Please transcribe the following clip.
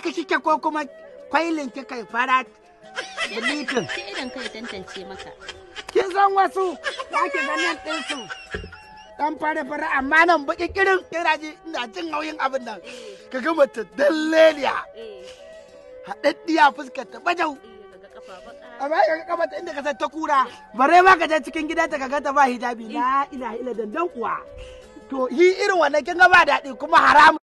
haka kike ko kuma kwailin kika fara litin. Ke irin kai tantance maka. Kin san wasu kake ake ganin ɗinsu dan fara fara amma nan baki kirin kira ji ina jin nauyin abin nan. Ka ga mace dalleliya. Haɗaɗɗiya fuskar ta bajau. Amma ka ga kafa ta inda ka san ta kura. Bare ma ka je cikin gida ta kaga ta ba hijabi la ilaha illa dandan kuwa. To hi irin wannan kin ga ba daɗi kuma haram